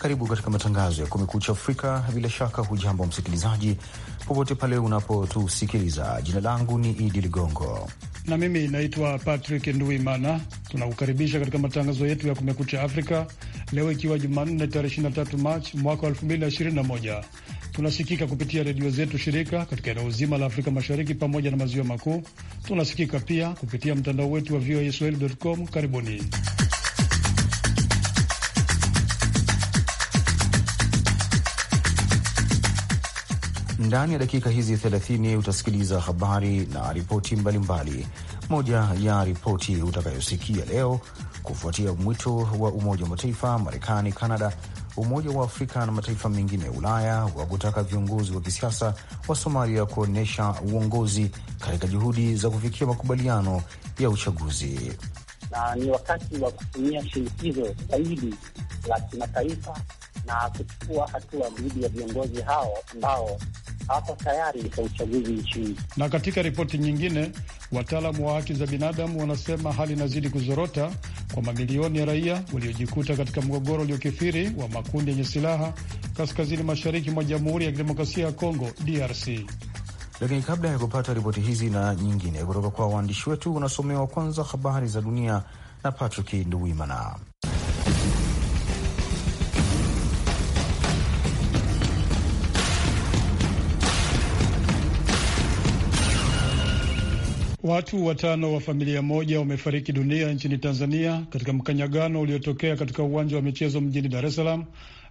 Karibu katika matangazo ya Kumekucha Afrika. Bila shaka, hujambo msikilizaji, popote pale unapotusikiliza. Jina langu ni Idi Ligongo na mimi naitwa Patrick Nduimana. Tunakukaribisha katika matangazo yetu ya Kumekucha Afrika leo, ikiwa Jumanne tarehe 23 Machi mwaka 2021. Tunasikika kupitia redio zetu shirika katika eneo zima la Afrika Mashariki pamoja na maziwa makuu. Tunasikika pia kupitia mtandao wetu wa voaswahili.com. Karibuni. Ndani ya dakika hizi 30 utasikiliza habari na ripoti mbalimbali. Moja ya ripoti utakayosikia leo, kufuatia mwito wa Umoja wa Mataifa, Marekani, Kanada, Umoja wa Afrika na mataifa mengine ya Ulaya wa kutaka viongozi wa kisiasa wa Somalia kuonyesha uongozi katika juhudi za kufikia makubaliano ya uchaguzi na ni wakati wa kutumia shinikizo zaidi la kimataifa na kuchukua hatua dhidi ya viongozi hao ambao hapo tayari kwa uchaguzi nchini. Na katika ripoti nyingine, wataalamu wa haki za binadamu wanasema hali inazidi kuzorota kwa mamilioni ya raia waliojikuta katika mgogoro uliokithiri wa makundi yenye silaha kaskazini mashariki mwa Jamhuri ya Kidemokrasia ya Kongo, DRC. Lakini kabla ya kupata ripoti hizi na nyingine kutoka kwa waandishi wetu, unasomewa kwanza habari za dunia na Patrick Nduwimana. Watu watano wa familia moja wamefariki dunia nchini Tanzania katika mkanyagano uliotokea katika uwanja wa michezo mjini Dar es Salaam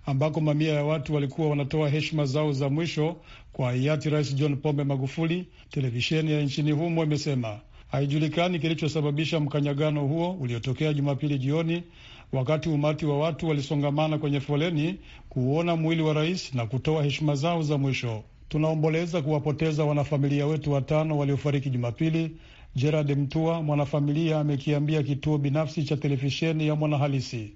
ambako mamia ya watu walikuwa wanatoa heshima zao za mwisho kwa hayati Rais John Pombe Magufuli. Televisheni ya nchini humo imesema haijulikani kilichosababisha mkanyagano huo uliotokea Jumapili jioni wakati umati wa watu walisongamana kwenye foleni kuuona mwili wa rais na kutoa heshima zao za mwisho. Tunaomboleza kuwapoteza wanafamilia wetu watano waliofariki Jumapili, Gerard Mtua, mwanafamilia amekiambia kituo binafsi cha televisheni ya Mwanahalisi.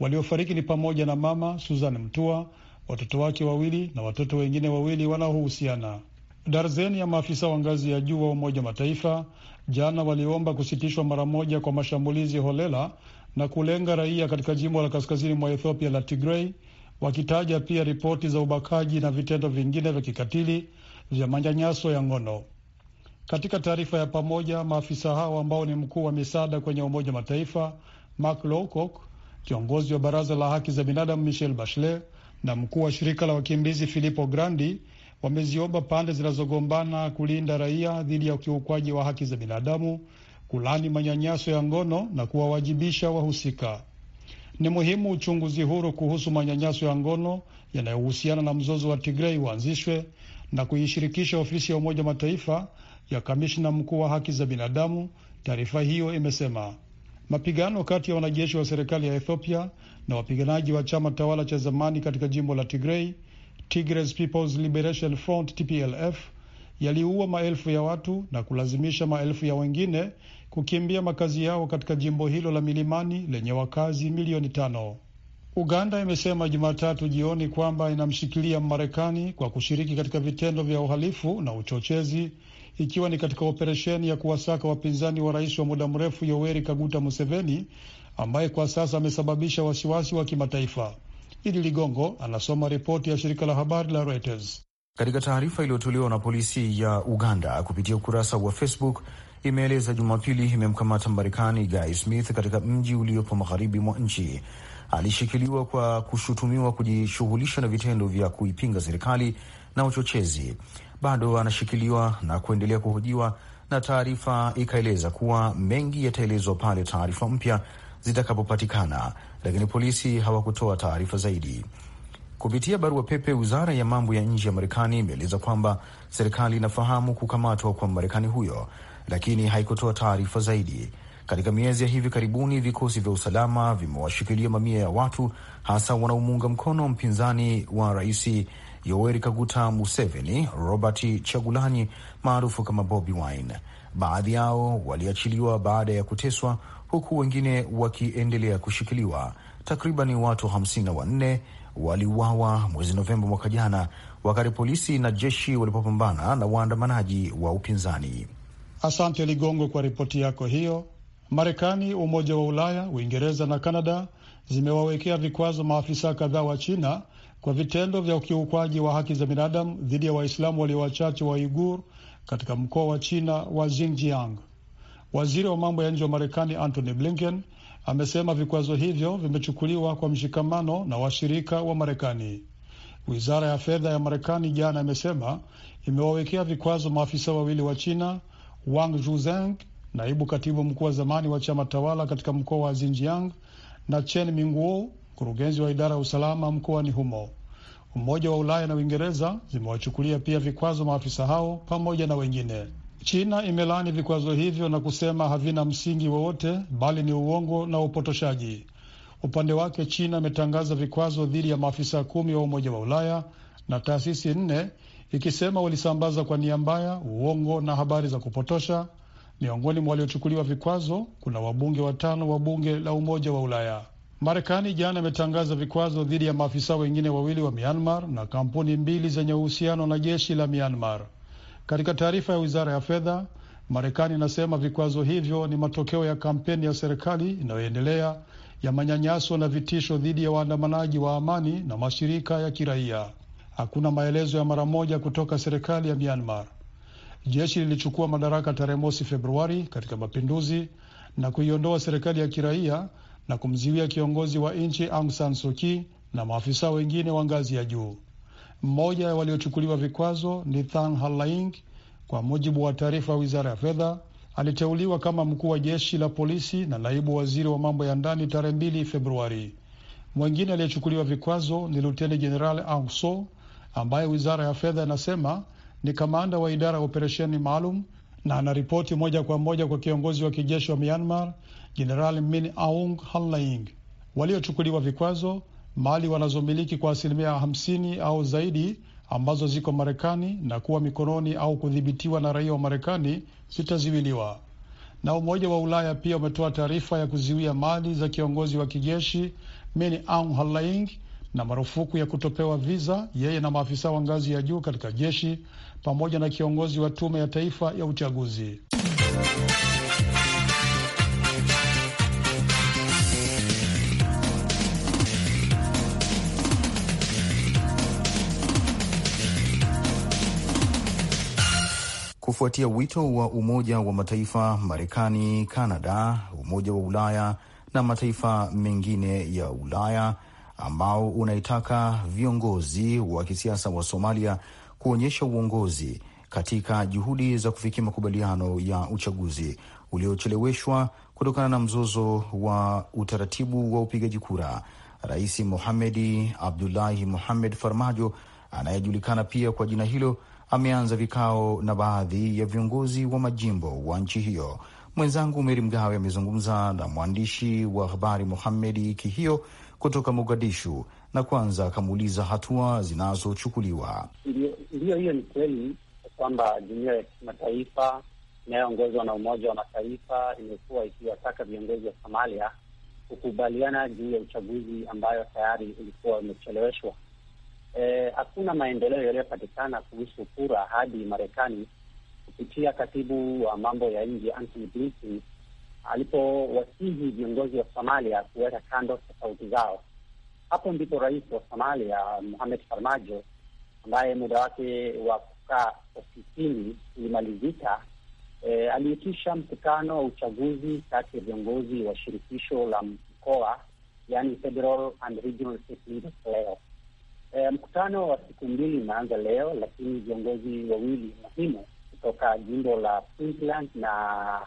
Waliofariki ni pamoja na mama Susan Mtua, watoto wake wawili na watoto wengine wawili wanaohusiana. Darzeni ya maafisa wa ngazi ya juu wa Umoja Mataifa jana waliomba kusitishwa mara moja kwa mashambulizi holela na kulenga raia katika jimbo la kaskazini mwa Ethiopia la Tigrei wakitaja pia ripoti za ubakaji na vitendo vingine vya kikatili vya manyanyaso ya ngono. Katika taarifa ya pamoja, maafisa hao ambao ni mkuu wa misaada kwenye Umoja Mataifa Mark Lowcock, kiongozi wa baraza la haki za binadamu michel Bachelet na mkuu wa shirika la wakimbizi Filippo Grandi wameziomba pande zinazogombana kulinda raia dhidi ya ukiukwaji wa haki za binadamu, kulani manyanyaso ya ngono na kuwawajibisha wahusika. Ni muhimu uchunguzi huru kuhusu manyanyaso ya ngono yanayohusiana na mzozo wa Tigrei uanzishwe na kuishirikisha ofisi ya Umoja Mataifa ya kamishna mkuu wa haki za binadamu, taarifa hiyo imesema. Mapigano kati ya wanajeshi wa serikali ya Ethiopia na wapiganaji wa chama tawala cha zamani katika jimbo la Tigrei, Tigray People's Liberation Front TPLF, yaliua maelfu ya watu na kulazimisha maelfu ya wengine kukimbia makazi yao katika jimbo hilo la milimani lenye wakazi milioni tano. Uganda imesema Jumatatu jioni kwamba inamshikilia Marekani kwa kushiriki katika vitendo vya uhalifu na uchochezi, ikiwa ni katika operesheni ya kuwasaka wapinzani wa rais wa muda mrefu Yoweri Kaguta Museveni ambaye kwa sasa amesababisha wasiwasi wa kimataifa. Idi Ligongo anasoma ripoti ya shirika la habari la Reuters. Katika taarifa iliyotolewa na polisi ya Uganda kupitia ukurasa wa Facebook imeeleza Jumapili imemkamata Marekani Guy Smith katika mji uliopo magharibi mwa nchi. Alishikiliwa kwa kushutumiwa kujishughulisha na vitendo vya kuipinga serikali na uchochezi. Bado anashikiliwa na kuendelea kuhojiwa, na taarifa ikaeleza kuwa mengi yataelezwa pale taarifa mpya zitakapopatikana, lakini polisi hawakutoa taarifa zaidi. Kupitia barua pepe, wizara ya mambo ya nje ya Marekani imeeleza kwamba serikali inafahamu kukamatwa kwa Marekani huyo, lakini haikutoa taarifa zaidi. Katika miezi ya hivi karibuni, vikosi vya usalama vimewashikilia mamia ya watu, hasa wanaomuunga mkono mpinzani wa rais Yoweri Kaguta Museveni, Robert Chagulani maarufu kama Bobi Wine. Baadhi yao waliachiliwa baada ya kuteswa, huku wengine wakiendelea kushikiliwa. Takribani watu hamsini na wanne waliuawa mwezi Novemba mwaka jana wakati polisi na jeshi walipopambana na waandamanaji wa upinzani. Asante Ligongo kwa ripoti yako hiyo. Marekani, Umoja wa Ulaya, Uingereza na Kanada zimewawekea vikwazo maafisa kadhaa wa China kwa vitendo vya ukiukwaji wa haki za binadamu dhidi ya Waislamu walio wachache wa Uigur katika mkoa wa China wa Xinjiang. Waziri wa mambo ya nje wa Marekani Antony Blinken amesema vikwazo hivyo vimechukuliwa kwa mshikamano na washirika wa Marekani. Wizara ya fedha ya Marekani jana imesema imewawekea vikwazo maafisa wawili wa China, Wang Juzeng, naibu katibu mkuu wa zamani wa chama tawala katika mkoa wa Xinjiang, na Chen Minguo, mkurugenzi wa idara ya usalama mkoani humo. Umoja wa Ulaya na Uingereza zimewachukulia pia vikwazo maafisa hao pamoja na wengine. China imelaani vikwazo hivyo na kusema havina msingi wowote, bali ni uongo na upotoshaji. Upande wake, China imetangaza vikwazo dhidi ya maafisa kumi wa Umoja wa Ulaya na taasisi nne, ikisema walisambaza kwa nia mbaya uongo na habari za kupotosha. Miongoni mwa waliochukuliwa vikwazo kuna wabunge watano wa bunge la Umoja wa Ulaya. Marekani jana imetangaza vikwazo dhidi ya maafisa wengine wawili wa Myanmar na kampuni mbili zenye uhusiano na jeshi la Myanmar. Katika taarifa ya wizara ya fedha, Marekani inasema vikwazo hivyo ni matokeo ya kampeni ya serikali inayoendelea ya manyanyaso na vitisho dhidi ya waandamanaji wa amani na mashirika ya kiraia. Hakuna maelezo ya mara moja kutoka serikali ya Myanmar. Jeshi lilichukua madaraka tarehe mosi Februari katika mapinduzi na kuiondoa serikali ya kiraia na kumziwia kiongozi wa nchi Aung San Suu Kyi na maafisa wengine wa ngazi ya juu. Mmoja ya waliochukuliwa vikwazo ni Thang Halaing. Kwa mujibu wa taarifa ya wizara ya fedha, aliteuliwa kama mkuu wa jeshi la polisi na naibu waziri wa mambo ya ndani tarehe mbili Februari. mwengine aliyechukuliwa vikwazo ni luteni jeneral Aung So ambaye wizara ya fedha inasema ni kamanda wa idara ya operesheni maalum na anaripoti moja kwa moja kwa kiongozi wa kijeshi wa Myanmar jeneral Min Aung Hlaing. Waliochukuliwa vikwazo mali wanazomiliki kwa asilimia hamsini au zaidi ambazo ziko Marekani na kuwa mikononi au kudhibitiwa na raia wa Marekani zitaziwiliwa. Na Umoja wa Ulaya pia umetoa taarifa ya kuziwia mali za kiongozi wa kijeshi Min Aung Hlaing na marufuku ya kutopewa viza yeye na maafisa wa ngazi ya juu katika jeshi pamoja na kiongozi wa tume ya taifa ya uchaguzi. kufuatia wito wa Umoja wa Mataifa, Marekani, Kanada, Umoja wa Ulaya na mataifa mengine ya Ulaya ambao unaitaka viongozi wa kisiasa wa Somalia kuonyesha uongozi katika juhudi za kufikia makubaliano ya uchaguzi uliocheleweshwa kutokana na mzozo wa utaratibu wa upigaji kura. Rais Mohamedi Abdullahi Mohamed Farmajo anayejulikana pia kwa jina hilo ameanza vikao na baadhi ya viongozi wa majimbo wa nchi hiyo. Mwenzangu Meri Mgawe amezungumza na mwandishi wa habari Muhamedi Kihio kutoka Mogadishu na kwanza akamuuliza hatua zinazochukuliwa. Ndiyo, hiyo ni kweli kwamba jumuiya ya kimataifa inayoongozwa na Umoja wa Mataifa imekuwa ikiwataka viongozi wa Somalia kukubaliana juu ya uchaguzi ambayo tayari ulikuwa umecheleweshwa. Eh, hakuna maendeleo yaliyopatikana kuhusu kura hadi Marekani kupitia katibu wa mambo ya nje Antony Blinken alipowasihi viongozi wa Somalia kuweka kando tofauti zao. Hapo ndipo rais wa Somalia Mohamed Farmajo ambaye muda wake wa kukaa ofisini ulimalizika, e, aliitisha mkutano wa uchaguzi kati ya viongozi wa shirikisho la mkoa, yani Federal and Regional leo E, mkutano wa siku mbili unaanza leo, lakini viongozi wawili muhimu kutoka jimbo la Puntland na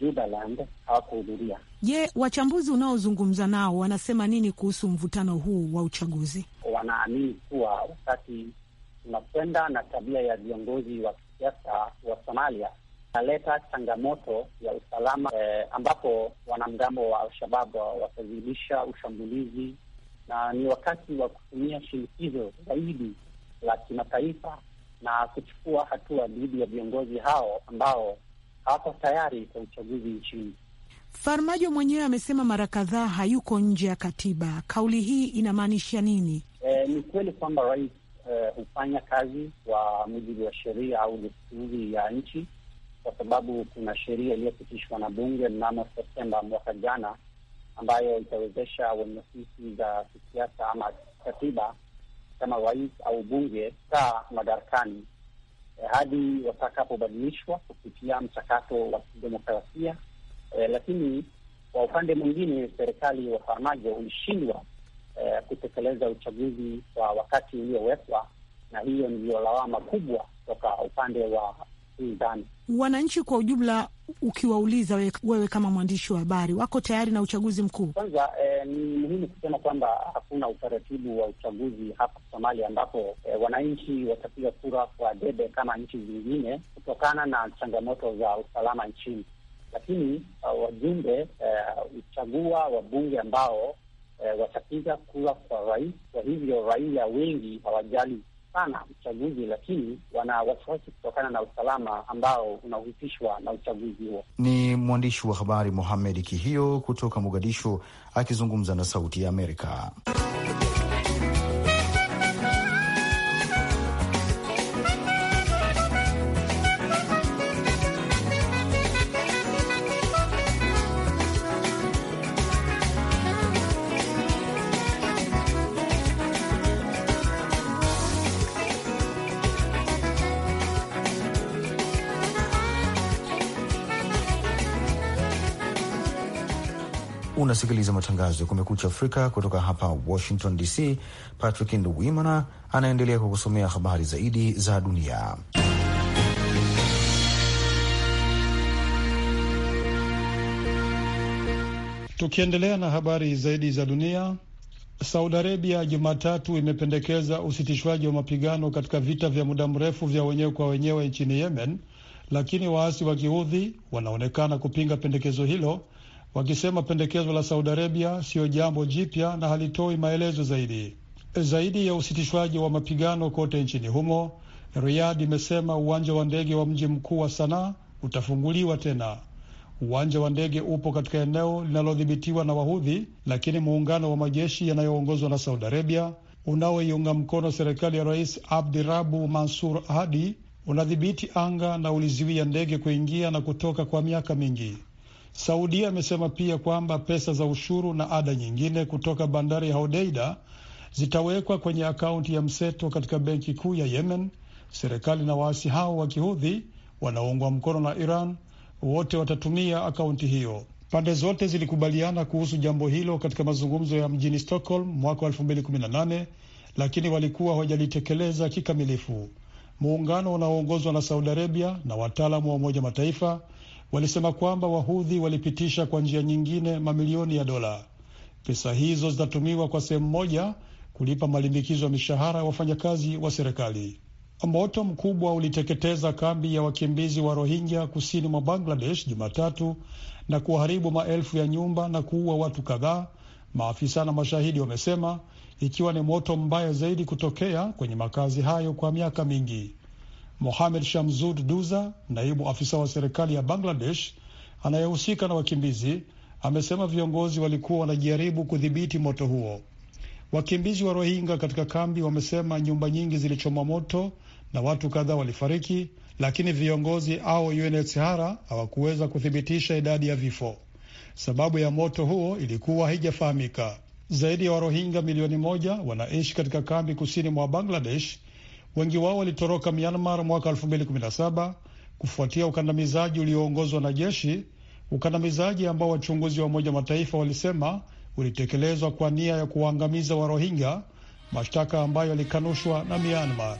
Jubaland hawakuhudhuria. Je, wachambuzi unaozungumza nao wanasema nini kuhusu mvutano huu wa uchaguzi? Wanaamini kuwa wakati unakwenda na tabia ya viongozi wa kisiasa wa Somalia naleta changamoto ya usalama eh, ambapo wanamgambo wa Al-Shabab watazidisha ushambulizi na ni wakati wa kutumia shinikizo zaidi la kimataifa na kuchukua hatua dhidi ya viongozi hao ambao hawako tayari kwa uchaguzi nchini. Farmajo mwenyewe amesema mara kadhaa hayuko nje ya katiba. Kauli hii inamaanisha nini? E, ni kweli kwamba rais e, hufanya e, kazi kwa mujibu wa sheria au desturi ya nchi, kwa sababu kuna sheria iliyopitishwa na bunge mnamo Septemba mwaka jana ambayo itawezesha wenye ofisi za kisiasa ama katiba kama rais au bunge kaa madarakani eh, hadi watakapobadilishwa kupitia mchakato wa kidemokrasia eh, lakini kwa upande mwingine serikali ya Farmajo ulishindwa eh, kutekeleza uchaguzi wa wakati uliowekwa, na hiyo ndiyo lawama kubwa toka upande wa upinzani. Wananchi kwa ujumla, ukiwauliza wewe, wewe kama mwandishi wa habari, wako tayari na uchaguzi mkuu? Kwanza eh, ni muhimu kusema kwamba hakuna utaratibu wa uchaguzi hapa Somalia ambapo eh, wananchi watapiga kura kwa debe kama nchi zingine kutokana na changamoto za usalama nchini, lakini uh, wajumbe uh, eh, uchagua wabunge ambao uh, watapiga kura kwa rais. Kwa hivyo raia wengi hawajali sana uchaguzi, lakini wana wasiwasi kutokana na usalama ambao unahusishwa na uchaguzi huo. Ni mwandishi wa habari Mohamed Kihio kutoka Mogadishu akizungumza na Sauti ya Amerika. unasikiliza matangazo ya Kumekucha Afrika kutoka hapa Washington DC. Patrick Nduwimana anaendelea kukusomea habari zaidi za dunia. Tukiendelea na habari zaidi za dunia, Saudi Arabia Jumatatu imependekeza usitishwaji wa mapigano katika vita vya muda mrefu vya wenyewe kwa wenyewe nchini Yemen, lakini waasi wa Kiudhi wanaonekana kupinga pendekezo hilo wakisema pendekezo la Saudi Arabia siyo jambo jipya na halitoi maelezo zaidi. Zaidi ya usitishwaji wa mapigano kote nchini humo, Riyadh imesema uwanja wa ndege wa mji mkuu wa Sanaa utafunguliwa tena. Uwanja wa ndege upo katika eneo linalodhibitiwa na Wahudhi, lakini muungano wa majeshi yanayoongozwa na Saudi Arabia unaoiunga mkono serikali ya Rais Abdirabu Mansur Hadi unadhibiti anga na ulizuia ndege kuingia na kutoka kwa miaka mingi. Saudia amesema pia kwamba pesa za ushuru na ada nyingine kutoka bandari ya Hodeida zitawekwa kwenye akaunti ya mseto katika benki kuu ya Yemen. Serikali na waasi hao wa kihudhi wanaoungwa mkono na Iran wote watatumia akaunti hiyo. Pande zote zilikubaliana kuhusu jambo hilo katika mazungumzo ya mjini Stockholm mwaka 2018 lakini walikuwa hawajalitekeleza kikamilifu. Muungano unaoongozwa na Saudi Arabia na wataalamu wa Umoja Mataifa walisema kwamba wahudhi walipitisha kwa njia nyingine mamilioni ya dola. Pesa hizo zitatumiwa kwa sehemu moja kulipa malimbikizo ya mishahara ya wafanyakazi wa serikali. Moto mkubwa uliteketeza kambi ya wakimbizi wa Rohingya kusini mwa Bangladesh Jumatatu na kuharibu maelfu ya nyumba na kuua watu kadhaa, maafisa na mashahidi wamesema, ikiwa ni moto mbaya zaidi kutokea kwenye makazi hayo kwa miaka mingi. Mohamed shamzud Duza, naibu afisa wa serikali ya Bangladesh anayehusika na wakimbizi, amesema viongozi walikuwa wanajaribu kudhibiti moto huo. Wakimbizi wa Rohingya katika kambi wamesema nyumba nyingi zilichomwa moto na watu kadhaa walifariki, lakini viongozi au UNHCR hawakuweza kuthibitisha idadi ya vifo. Sababu ya moto huo ilikuwa haijafahamika. Zaidi ya Warohingya milioni moja wanaishi katika kambi kusini mwa Bangladesh Wengi wao walitoroka Myanmar mwaka 2017 kufuatia ukandamizaji ulioongozwa na jeshi, ukandamizaji ambao wachunguzi wa Umoja Mataifa walisema ulitekelezwa kwa nia ya kuwaangamiza Warohingya, mashtaka ambayo yalikanushwa na Myanmar.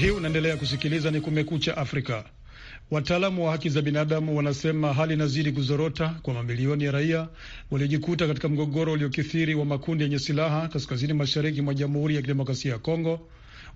Hii unaendelea kusikiliza ni Kumekucha Afrika. Wataalamu wa haki za binadamu wanasema hali inazidi kuzorota kwa mamilioni ya raia waliojikuta katika mgogoro uliokithiri wa makundi yenye silaha kaskazini mashariki mwa Jamhuri ya Kidemokrasia ya Kongo.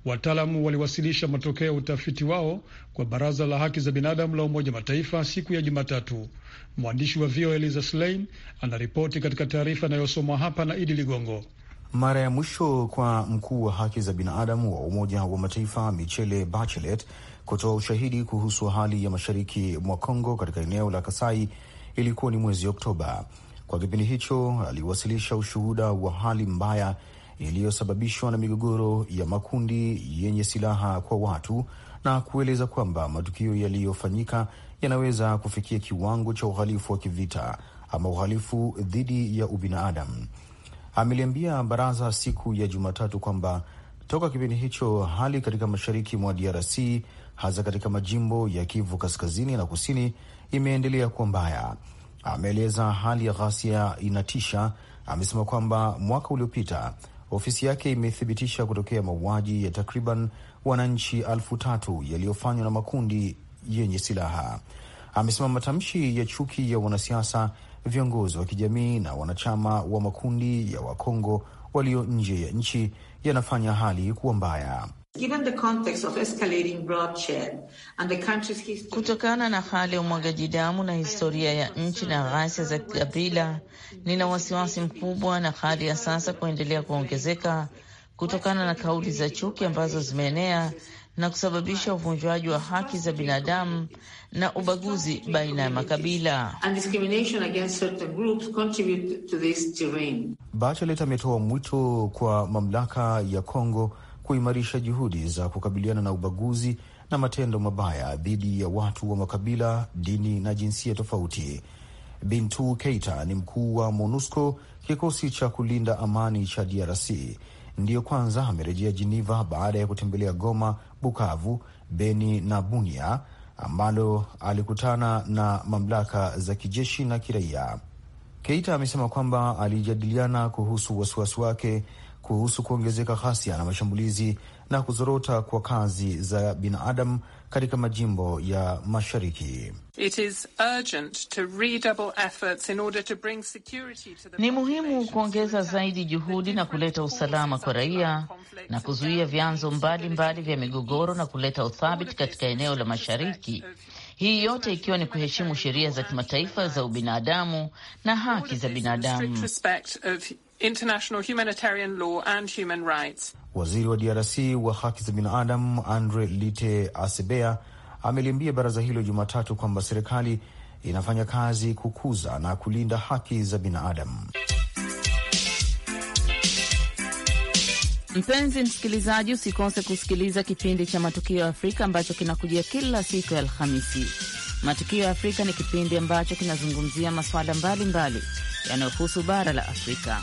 Wataalamu waliwasilisha matokeo ya utafiti wao kwa Baraza la Haki za Binadamu la Umoja Mataifa siku ya Jumatatu. Mwandishi wa VOA Eliza Slein anaripoti katika taarifa inayosomwa hapa na Idi Ligongo. Mara ya mwisho kwa mkuu wa haki za binadamu wa Umoja wa Mataifa Michele Bachelet kutoa ushahidi kuhusu hali ya mashariki mwa Kongo katika eneo la Kasai ilikuwa ni mwezi Oktoba. Kwa kipindi hicho aliwasilisha ushuhuda wa hali mbaya iliyosababishwa na migogoro ya makundi yenye silaha kwa watu na kueleza kwamba matukio yaliyofanyika yanaweza kufikia kiwango cha uhalifu wa kivita ama uhalifu dhidi ya ubinadamu ameliambia baraza siku ya Jumatatu kwamba toka kipindi hicho hali katika mashariki mwa DRC hasa katika majimbo ya Kivu kaskazini na kusini imeendelea kuwa mbaya. Ameeleza hali ya ghasia inatisha. Amesema kwamba mwaka uliopita ofisi yake imethibitisha kutokea mauaji ya takriban wananchi elfu tatu yaliyofanywa na makundi yenye silaha. Amesema matamshi ya chuki ya wanasiasa viongozi wa kijamii na wanachama wa makundi ya Wakongo walio nje ya nchi yanafanya hali kuwa mbaya. Kutokana na hali ya umwagaji damu na historia ya nchi na ghasia za kikabila, nina wasiwasi mkubwa na hali ya sasa kuendelea kuongezeka kutokana na kauli za chuki ambazo zimeenea na kusababisha uvunjwaji wa haki za binadamu na ubaguzi baina ya makabila. Bachelet ametoa mwito kwa mamlaka ya Kongo kuimarisha juhudi za kukabiliana na ubaguzi na matendo mabaya dhidi ya watu wa makabila, dini na jinsia tofauti. Bintu Keita ni mkuu wa MONUSCO, kikosi cha kulinda amani cha DRC. Ndiyo kwanza amerejea jiniva baada ya kutembelea Goma Bukavu, Beni na Bunia, ambalo alikutana na mamlaka za kijeshi na kiraia. Keita amesema kwamba alijadiliana kuhusu wasiwasi wake kuhusu kuongezeka ghasia na mashambulizi na kuzorota kwa kazi za binadamu katika majimbo ya mashariki. Ni muhimu kuongeza zaidi juhudi na kuleta usalama kwa raia na kuzuia vyanzo mbalimbali vya migogoro na kuleta uthabiti katika eneo la mashariki. Hii yote ikiwa ni kuheshimu sheria za kimataifa za ubinadamu na haki za binadamu international humanitarian law and human rights. Waziri wa DRC wa haki za binadamu Andre Lite Asebea ameliambia baraza hilo Jumatatu kwamba serikali inafanya kazi kukuza na kulinda haki za binadamu. Mpenzi msikilizaji, usikose kusikiliza kipindi cha Matukio ya Afrika ambacho kinakujia kila siku ya Alhamisi. Matukio ya Afrika ni kipindi ambacho kinazungumzia masuala mbalimbali yanayohusu bara la Afrika.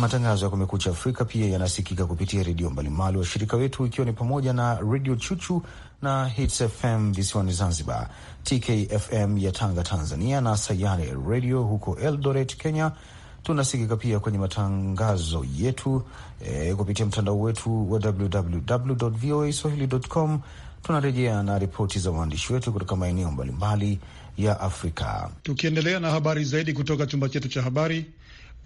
Matangazo ya Kumekucha Afrika pia yanasikika kupitia redio mbalimbali washirika wetu, ikiwa ni pamoja na Redio Chuchu na Hits FM visiwani Zanzibar, TKFM ya Tanga, Tanzania, na Sayare Redio huko Eldoret, Kenya. Tunasikika pia kwenye matangazo yetu e, kupitia mtandao wetu wa www voa swahili.com. Tunarejea na ripoti za waandishi wetu kutoka maeneo mbalimbali ya Afrika, tukiendelea na habari zaidi kutoka chumba chetu cha habari.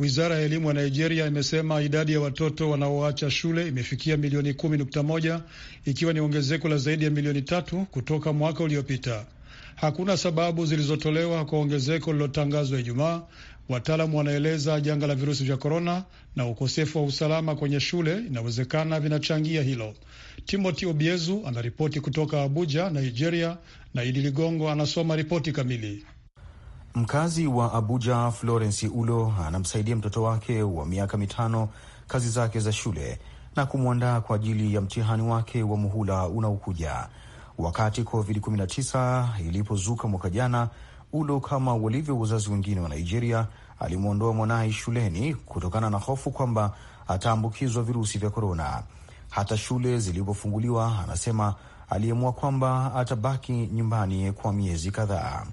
Wizara ya elimu ya Nigeria imesema idadi ya watoto wanaoacha shule imefikia milioni kumi nukta moja ikiwa ni ongezeko la zaidi ya milioni tatu kutoka mwaka uliopita. Hakuna sababu zilizotolewa kwa ongezeko lililotangazwa Ijumaa. Wataalamu wanaeleza janga la virusi vya korona na ukosefu wa usalama kwenye shule inawezekana vinachangia hilo. Timothy Obiezu anaripoti kutoka Abuja, Nigeria, na Idi Ligongo anasoma ripoti kamili. Mkazi wa Abuja Florence Ulo anamsaidia mtoto wake wa miaka mitano kazi zake za shule na kumwandaa kwa ajili ya mtihani wake wa muhula unaokuja. Wakati COVID-19 ilipozuka mwaka jana, Ulo kama walivyo wazazi wengine wa Nigeria alimwondoa mwanaye shuleni kutokana na hofu kwamba ataambukizwa virusi vya korona. Hata shule zilipofunguliwa, anasema aliamua kwamba atabaki nyumbani kwa miezi kadhaa.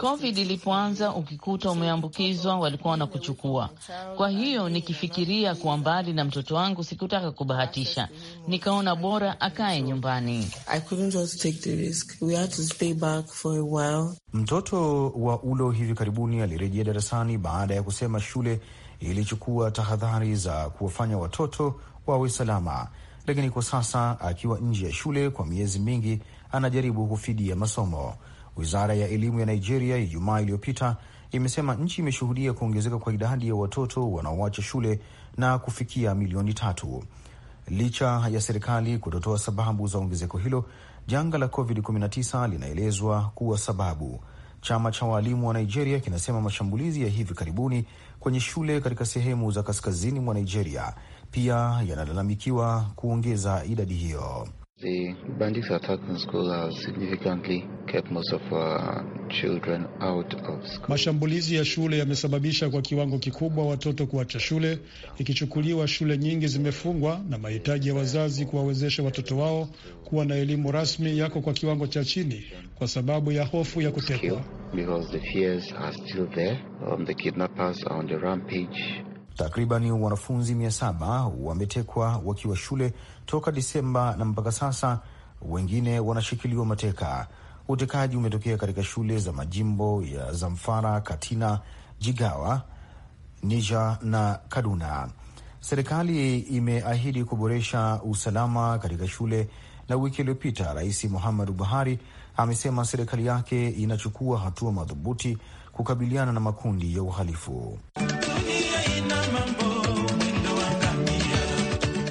Covid ilipoanza, ukikuta umeambukizwa walikuwa wanakuchukua. Kwa hiyo nikifikiria kuwa mbali na mtoto wangu, sikutaka kubahatisha, nikaona bora akae nyumbani. Mtoto wa Ulo hivi karibuni alirejea darasani baada ya kusema shule ilichukua tahadhari za kuwafanya watoto wawe salama, lakini kwa sasa akiwa nje ya shule kwa miezi mingi anajaribu kufidia masomo. Wizara ya elimu ya Nigeria Ijumaa iliyopita imesema nchi imeshuhudia kuongezeka kwa idadi ya watoto wanaoacha shule na kufikia milioni tatu. Licha ya serikali kutotoa sababu za ongezeko hilo, janga la COVID-19 linaelezwa kuwa sababu. Chama cha waalimu wa Nigeria kinasema mashambulizi ya hivi karibuni kwenye shule katika sehemu za kaskazini mwa Nigeria pia yanalalamikiwa kuongeza idadi hiyo. The bandits' attack in school has significantly kept most of our children out of school. Mashambulizi ya shule yamesababisha kwa kiwango kikubwa watoto kuacha shule, ikichukuliwa shule nyingi zimefungwa na mahitaji ya wazazi kuwawezesha watoto wao kuwa na elimu rasmi yako kwa kiwango cha chini kwa sababu ya hofu ya kutekwa. Because the fears are still there. Um, the kidnappers are on the rampage. Takriban wanafunzi mia saba wametekwa wakiwa shule toka Disemba na mpaka sasa wengine wanashikiliwa mateka. Utekaji umetokea katika shule za majimbo ya Zamfara, katina Jigawa, Niger na Kaduna. Serikali imeahidi kuboresha usalama katika shule, na wiki iliyopita Rais Muhammadu Buhari amesema serikali yake inachukua hatua madhubuti kukabiliana na makundi ya uhalifu.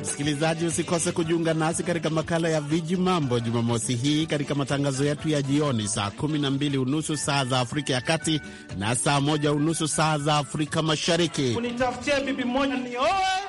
Msikilizaji, usikose kujiunga nasi katika makala ya Viji Mambo Jumamosi hii katika matangazo yetu ya jioni saa kumi na mbili unusu saa za Afrika ya Kati na saa moja unusu saa za Afrika Mashariki. Unitafutie bibi moja nioe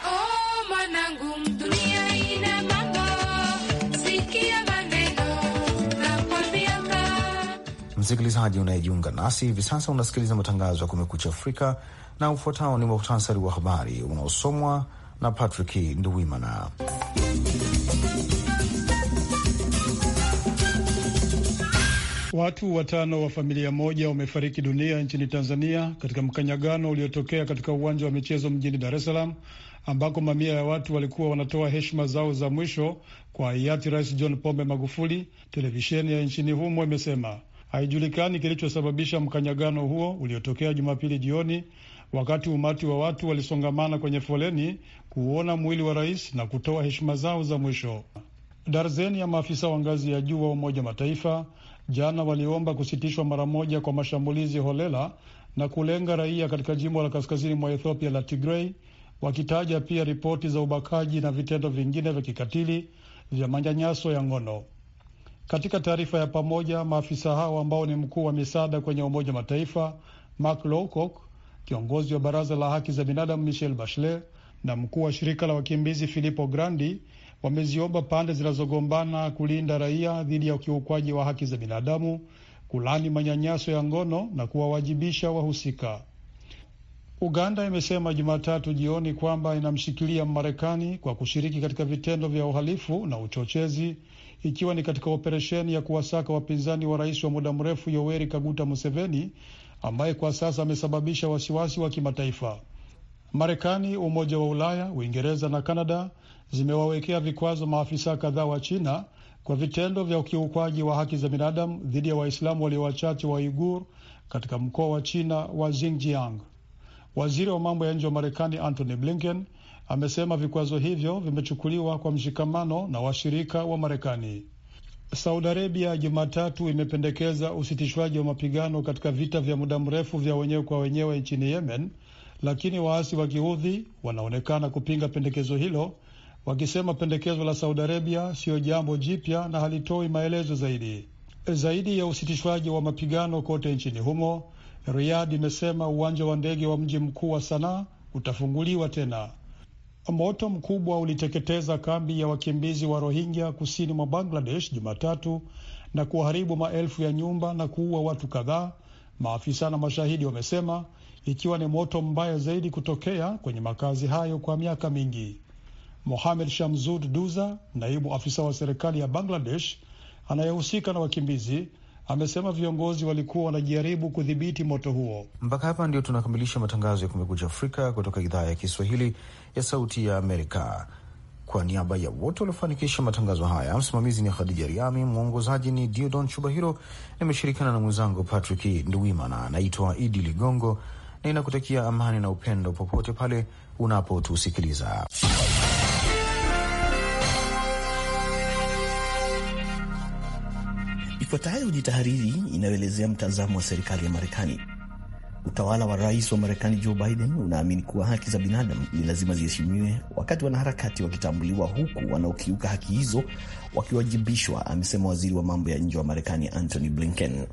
Msikilizaji unayejiunga nasi hivi sasa, unasikiliza matangazo ya Kumekucha Afrika na ufuatao ni muhtasari wa habari unaosomwa na Patrick Nduwimana. Watu watano wa familia moja wamefariki dunia nchini Tanzania katika mkanyagano uliotokea katika uwanja wa michezo mjini Dar es Salaam, ambako mamia ya watu walikuwa wanatoa heshima zao za mwisho kwa hayati Rais John Pombe Magufuli. Televisheni ya nchini humo imesema Haijulikani kilichosababisha mkanyagano huo uliotokea Jumapili jioni wakati umati wa watu walisongamana kwenye foleni kuuona mwili wa rais na kutoa heshima zao za mwisho. Darzeni ya maafisa wa ngazi ya juu wa Umoja Mataifa jana waliomba kusitishwa mara moja kwa mashambulizi holela na kulenga raia katika jimbo la kaskazini mwa Ethiopia la Tigrei, wakitaja pia ripoti za ubakaji na vitendo vingine vya kikatili vya manyanyaso ya ngono. Katika taarifa ya pamoja, maafisa hao ambao ni mkuu wa misaada kwenye Umoja Mataifa Mark Lowcock, kiongozi wa baraza la haki za binadamu Michelle Bachelet na mkuu wa shirika la wakimbizi Filippo Grandi wameziomba pande zinazogombana kulinda raia dhidi ya ukiukwaji wa haki za binadamu, kulani manyanyaso ya ngono na kuwawajibisha wahusika. Uganda imesema Jumatatu jioni kwamba inamshikilia marekani kwa kushiriki katika vitendo vya uhalifu na uchochezi, ikiwa ni katika operesheni ya kuwasaka wapinzani wa rais wa muda mrefu Yoweri Kaguta Museveni ambaye kwa sasa amesababisha wasiwasi wa kimataifa. Marekani, Umoja wa Ulaya, Uingereza na Kanada zimewawekea vikwazo maafisa kadhaa wa China kwa vitendo vya ukiukwaji wa haki za binadamu dhidi ya Waislamu walio wachache wa Uigur katika mkoa wa China wa Xinjiang. Waziri wa mambo ya nje wa Marekani Antony Blinken amesema vikwazo hivyo vimechukuliwa kwa mshikamano na washirika wa Marekani. Saudi Arabia Jumatatu imependekeza usitishwaji wa mapigano katika vita vya muda mrefu vya wenyewe kwa wenyewe nchini Yemen, lakini waasi wa Kiudhi wanaonekana kupinga pendekezo hilo, wakisema pendekezo la Saudi Arabia siyo jambo jipya na halitoi maelezo zaidi. Zaidi ya usitishwaji wa mapigano kote nchini humo, Riyadh imesema uwanja wa ndege wa mji mkuu wa Sanaa utafunguliwa tena. Moto mkubwa uliteketeza kambi ya wakimbizi wa Rohingya kusini mwa Bangladesh Jumatatu na kuharibu maelfu ya nyumba na kuua watu kadhaa, maafisa na mashahidi wamesema, ikiwa ni moto mbaya zaidi kutokea kwenye makazi hayo kwa miaka mingi. Mohamed shamzud Duza, naibu afisa wa serikali ya Bangladesh anayehusika na wakimbizi, amesema viongozi walikuwa wanajaribu kudhibiti moto huo. Mpaka hapa ndio tunakamilisha matangazo ya Kumekucha Afrika kutoka idhaa ya Kiswahili ya Sauti ya Amerika. Kwa niaba ya wote waliofanikisha matangazo haya, msimamizi ni Khadija Riami, mwongozaji ni Diodon Chubahiro. Nimeshirikiana na mwenzangu Patrick nduwimana Naitwa Idi Ligongo, ninakutakia amani na upendo popote pale unapotusikiliza. Ifuatayo ni tahariri inayoelezea mtazamo wa serikali ya Marekani. Utawala wa rais wa Marekani Joe Biden unaamini kuwa haki za binadamu ni lazima ziheshimiwe, wakati wanaharakati wakitambuliwa, huku wanaokiuka haki hizo wakiwajibishwa, amesema waziri wa mambo ya nje wa Marekani Antony Blinken.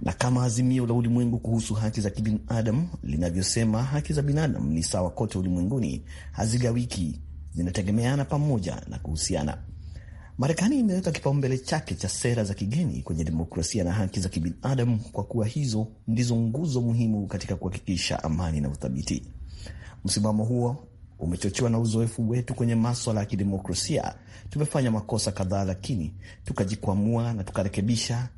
Na kama azimio la ulimwengu kuhusu haki za kibinadamu linavyosema, haki za binadamu ni sawa kote ulimwenguni, hazigawiki, zinategemeana pamoja na kuhusiana. Marekani imeweka kipaumbele chake cha sera za kigeni kwenye demokrasia na haki za kibinadamu kwa kuwa hizo ndizo nguzo muhimu katika kuhakikisha amani na uthabiti. Msimamo huo umechochewa na uzoefu wetu kwenye maswala ya kidemokrasia. Tumefanya makosa kadhaa, lakini tukajikwamua na tukarekebisha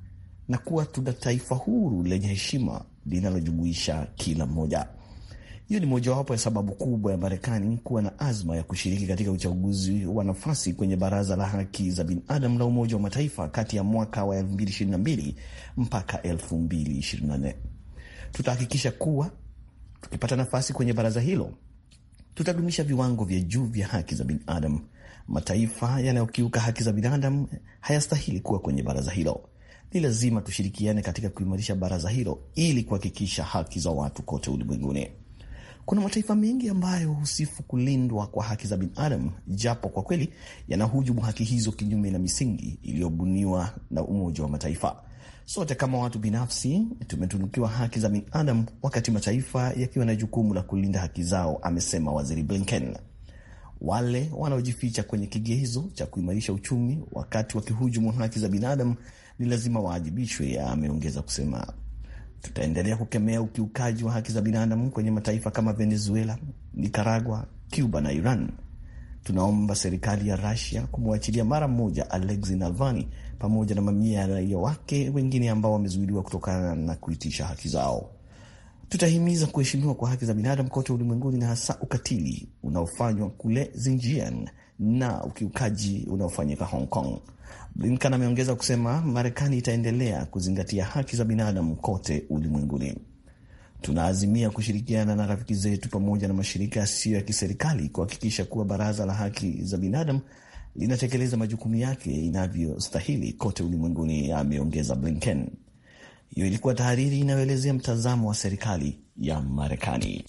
na kuwa tuna taifa huru lenye heshima linalojumuisha kila mmoja. Hiyo ni mojawapo ya sababu kubwa ya Marekani kuwa na azma ya kushiriki katika uchaguzi wa nafasi kwenye Baraza la Haki za Binadamu la Umoja wa Mataifa kati ya mwaka wa 2022 mpaka 2024. Tutahakikisha kuwa tukipata nafasi kwenye baraza hilo tutadumisha viwango vya juu vya haki za binadamu. Mataifa yanayokiuka haki za binadamu hayastahili kuwa kwenye baraza hilo. Ni lazima tushirikiane katika kuimarisha baraza hilo ili kuhakikisha haki za watu kote ulimwenguni. Kuna mataifa mengi ambayo husifu kulindwa kwa haki za binadamu, japo kwa kweli yanahujumu haki hizo kinyume na misingi iliyobuniwa na Umoja wa Mataifa. Sote kama watu binafsi tumetunukiwa haki za binadamu, wakati mataifa yakiwa na jukumu la kulinda haki zao, amesema Waziri Blinken. Wale wanaojificha kwenye kigezo cha kuimarisha uchumi wakati wakihujumu haki za binadamu ni lazima waajibishwe, ameongeza kusema. Tutaendelea kukemea ukiukaji wa haki za binadamu kwenye mataifa kama Venezuela, Nicaragua, Cuba na Iran. Tunaomba serikali ya rasia kumwachilia mara moja Alexei Navalny pamoja na mamia ya raia wake wengine ambao wamezuiliwa kutokana na kuitisha haki zao. Tutahimiza kuheshimiwa kwa haki za binadamu kote ulimwenguni na hasa ukatili unaofanywa kule Xinjiang na ukiukaji unaofanyika Hong Kong. Blinken ameongeza kusema Marekani itaendelea kuzingatia haki za binadamu kote ulimwenguni. Tunaazimia kushirikiana na rafiki zetu pamoja na mashirika yasiyo ya kiserikali kuhakikisha kuwa Baraza la Haki za Binadamu linatekeleza majukumu yake inavyostahili kote ulimwenguni, ameongeza Blinken. Hiyo ilikuwa tahariri inayoelezea mtazamo wa serikali ya Marekani.